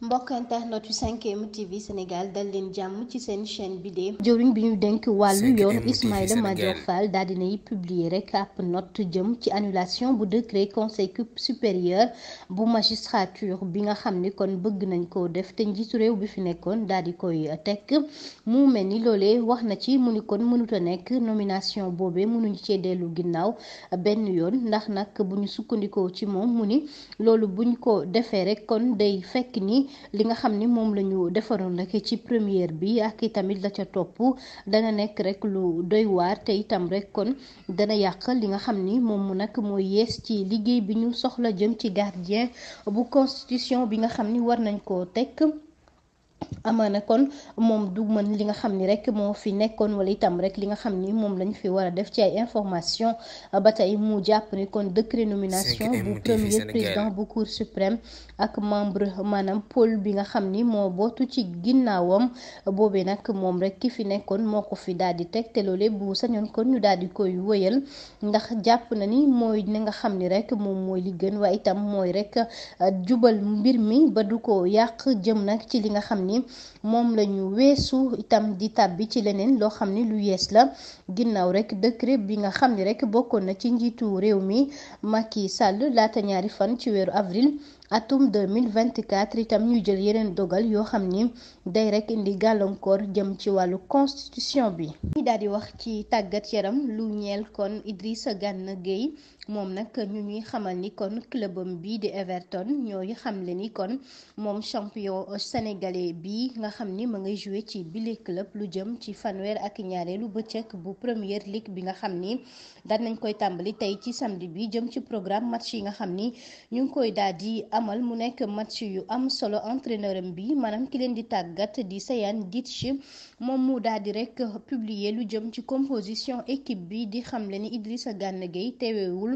mbokk internet yu 5M TV Sénégal dal leen jàmm ci seen chaine bi de jëwriñ bi ñu dénk wàllu yoon Ismaïla Madior Fall daal dinay publier rek ab note jëm ci annulation bu décret conseil supérieur bu magistrature bi nga xam ni kon bëgg nañ koo def te njiitu réew bi fi nekkoon daal di koy tekk mu mel ni loolee wax na ci mu ni kon mënuta nekk nomination boobee mënuñu cee dellu ginnaaw benn yoon ndax nag buñu sukkandikoo ci moom mu ni loolu buñ ko defee rek kon day fekk ni li nga xam ni moom la ñu defaroon rek ci première bi ak itamit la ca topp dana nekk rekk lu doy waar te itam rek kon dana yàq li nga xam ni moom nag mooy yees ci liggéey bi ñu soxla jëm ci gardien bu constitution bi nga xam ni war nañ koo teg amaana kon moom du mën li nga xam ni rek moo fi nekkoon wala itam rek li nga xam ni moom lañu fi war a def ci ay information euh, ba tey mu jàpp ni kon décret nomination bu premier président bu cour suprême ak membre maanaam pôle bi nga xam ni moo bootu ci ginnaawam euh, boobee nag moom rek ki fi nekkoon moo ko fi daal di teg te loole bu sañoon kon ñu daal di koy wëyal ndax jàpp na ni mooy ni nga xam ni rek moom mooy li gën waaye itam mooy rek euh, jubal mbir mi ba du ko yàq jëm nag ci li nga xam moom lañu weesu itam di tàbbi ci leneen loo xam ni lu yees la ginnaaw rek décret bi nga xam ni rek bokkoon na ci njiitu réew mi mag yi sàll laata ñaari fan ci weeru avril. atum 2024 itam ñu jël yeneen dogal yoo xam ni day rek indi gàllankoor jëm ci wàllu constitution bi. ñu daal di wax ci tàggat yaram lu ñeel kon Idrissa Gana géey moom nag ñu ñuy xamal ni kon clubam bi di Everton ñooy xamle ni kon moom champion sénégalais bi nga xam ni ma ngay joué ci bile club lu jëm ci fanweer ak ñaareelu bëcëk bu première ligue bi nga xam ni daan nañ koy tàmbali tey ci samedi bi jëm ci programme match yi nga xam ni ñu ngi koy daal amal mu nekk match yu am solo entraîneur am bi maanaam ki leen di tàggat di Sayan Dietsch moom mu daal di rek publier lu jëm ci composition équipe bi di xamle ni Idrissa Gana Gueye teewewul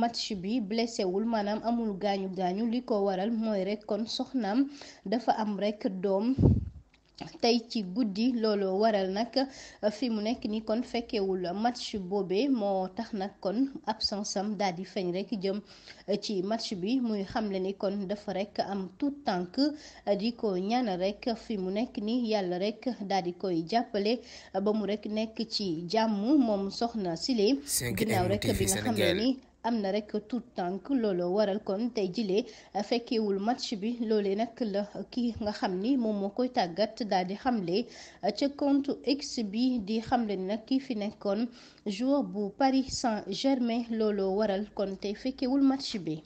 match bi blessé wul maanaam amul gaañu gaañu li ko waral mooy rek kon soxnaam dafa am rek doom. tey ci guddi looloo waral nag euh, fi mu nekk ni kon fekkewul match boobe moo tax nag kon absence am daal di feeñ rek jëm euh, ci match bi muy xamle ni kon dafa rekk am tout tànk euh, di ko ñana rekk fi mu nekk ni yàlla rekk daal di koy jàppale ba mu rekk nekk ci jàmm moom soxna Sile ginnaaw rek bi nga xam ne ni am na rek tout tànk looloo waral kon tey jilee eh, fekkewul match bi loole nag la kii nga xam ni moom moo koy tàggat daal di xamle eh, ca compte X bi di xamle ni nag ki fi nekkoon joueur bu Paris Saint-Germain loolo waral kon tey fekkewul match bi.